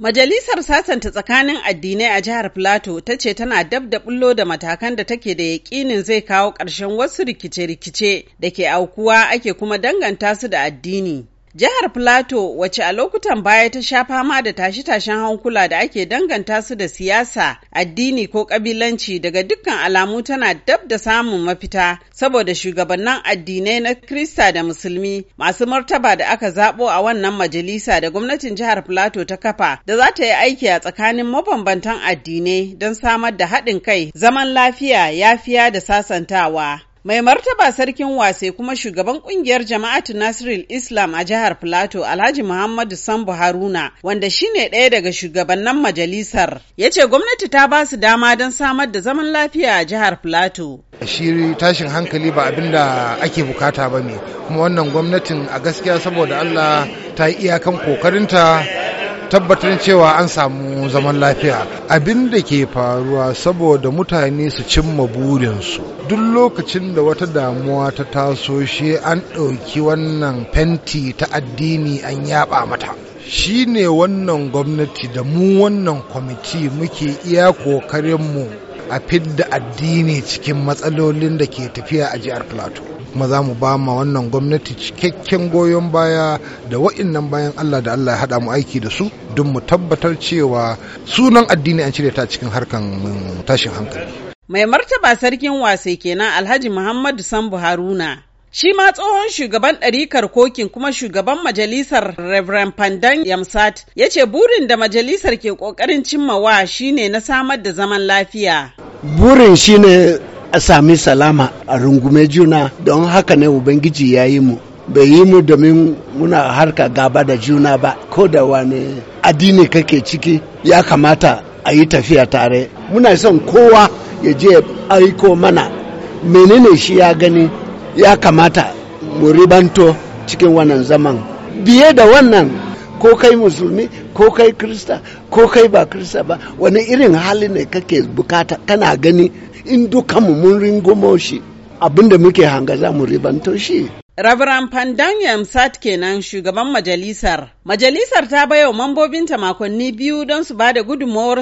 Majalisar sasanta tsakanin addinai a jihar Filato ta ce tana dab da bullo da matakan da take da yaƙinin zai kawo ƙarshen wasu rikice-rikice da ke aukuwa ake kuma danganta su da addini. Jihar Plateau wace a lokutan baya ta sha fama da tashe-tashen hankula da ake danganta su da siyasa, addini ko kabilanci daga dukkan alamu tana dab da samun mafita saboda shugabannin addinai na Krista da Musulmi masu martaba da aka zabo a wannan majalisa da gwamnatin jihar Plateau ta kafa da za ta yi aiki a tsakanin mabambantan addinai don samar da haɗin kai, zaman lafiya, yafiya da sasantawa. Mai martaba sarkin wase kuma shugaban kungiyar jama'atu Nasiril Islam a jihar Plateau Alhaji Muhammadu Sambu Haruna wanda shine ɗaya daga shugabannin majalisar ya ce gwamnati ta ba su dama don samar da zaman lafiya a jihar Plateau. Shi tashin hankali ba abin da ake bukata ba ne kuma wannan gwamnatin a gaskiya saboda Allah ta yi iyakan kokarinta tabbatar cewa an samu zaman lafiya abin da ke faruwa saboda mutane su cimma burinsu duk lokacin da wata damuwa ta taso shi an ɗauki wannan fenti ta addini an yaba mata shi ne wannan gwamnati da mu wannan kwamiti muke iya ƙoƙarinmu a fidda addini cikin matsalolin da ke tafiya a jihar plateau kuma za mu ba ma wannan gwamnati cikakken goyon baya da wa'innan bayan Allah da Allah ya haɗa mu aiki da su don mu tabbatar cewa sunan addini an cire ta cikin harkan tashin hankali. Mai martaba sarkin wasai kenan Alhaji Muhammadu Sambu Haruna. Shi ma tsohon shugaban ɗarikar kokin kuma shugaban majalisar Reverend Pandan Yamsat ya ce burin da majalisar ke ƙoƙarin cimmawa shine na samar da zaman lafiya. Burin shine a sami salama a rungume juna don haka ne ubangiji ya yi mu bai yi mu domin muna harka gaba da juna ba ko da wani addini kake ciki ya kamata a yi tafiya tare muna son kowa ya je aiko mana menene shi ya gani ya kamata mu ribanto cikin wannan zaman biye da wannan ko kai musulmi ko kai krista ko kai ba krista ba wani irin hali ne kake bukata kana gani in dukanmu mun ringo shi abinda muke hanga za mu ribanto shi Rabiran Pandanyam Sat kenan shugaban majalisar. Majalisar ta baiwa mambobinta makonni biyu don su bada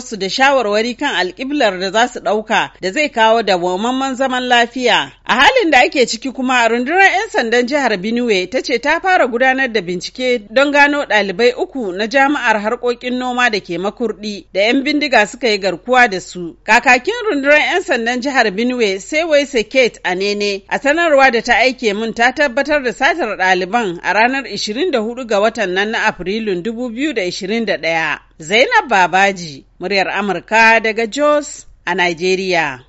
su da shawarwari kan alkiblar da za su ɗauka da zai kawo da wamamman zaman lafiya. A halin da ake ciki kuma rundunar 'yan sandan jihar Benue ta ce ta fara gudanar da bincike don gano ɗalibai uku na jami'ar harkokin noma da ke makurdi da 'yan bindiga suka yi garkuwa da su. Kakakin rundunar 'yan sandan jihar Benue sai wai Kate nene, a sanarwa da ta aike mun ta tabbatar gabatar da satar ɗaliban a ranar 24 ga watan nan na Afrilun 2021. Zainab Babaji, muryar Amurka daga Jos a Najeriya.